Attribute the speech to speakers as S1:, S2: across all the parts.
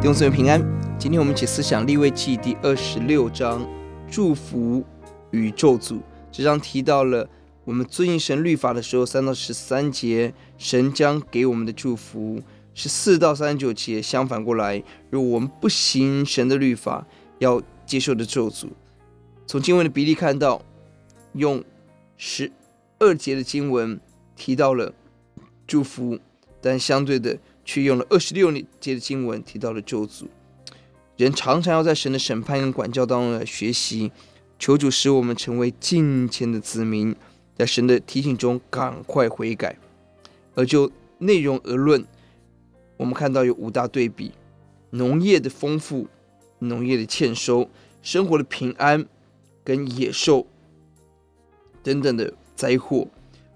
S1: 弟兄姊妹平安，今天我們一起思想《利未記》第二十六章，祝福與咒詛。這章提到了我們遵行神律法的時候，三到十三節，神將給我們的祝福；十四到三十九節，相反過來，如果我們不行神的律法，要接受的咒詛。從經文的比例看到，用十二節的經文提到了祝福，但相對的。卻用了二十六節的經文提到了咒詛，人常常要在神的審判跟管教當中來學習，求主使我們成為敬虔的子民，在神的提醒中趕快悔改。而就內容而論，我們看到有五大對比：農業的豐富、農業的欠收、生活的平安跟野獸等等的災禍，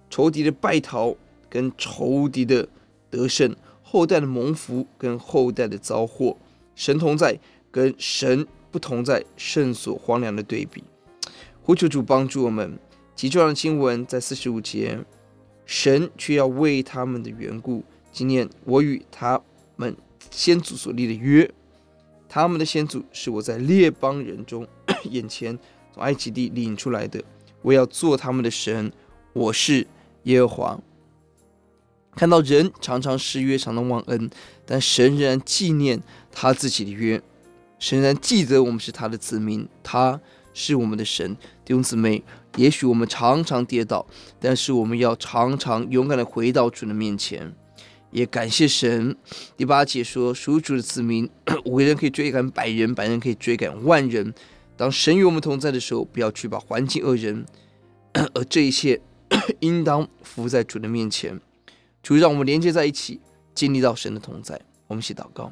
S1: 仇敵的敗逃跟仇敵的得勝。後代的蒙福跟後代的遭禍，神同在跟神不同在，聖所荒涼的對比。呼求主幫助我們。極重要的經文在四十五節，神卻要為他們的緣故紀念我與他們先祖所立的約。他們的先祖是我在列邦人中眼前從埃及地領出來的。我要做他們的神，我是耶和華。看到人常常失約，常常忘恩，但神仍然紀念他自己的約，神仍然記得我們是他的子民。他是我們的神。弟兄姊妹，也許我們常常跌倒，但是我們要常常勇敢的回到主的面前，也感謝神。第八節說：“屬主的子民，咳咳五個人可以追趕百人，百人可以追趕萬人。當神與我們同在的時候，不要懼怕環境惡人咳咳，而這一切咳咳應當服在主的面前。”主讓我們連接在一起，經歷到神的同在。我們一起禱告：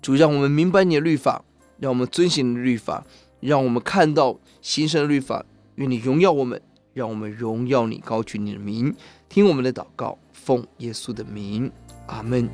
S1: 主讓我們明白你的律法，讓我們遵行你的律法，讓我們看到新生的律法。願你榮耀我們，讓我們榮耀你，高舉你的名，聽我們的禱告，奉耶穌的名，阿門。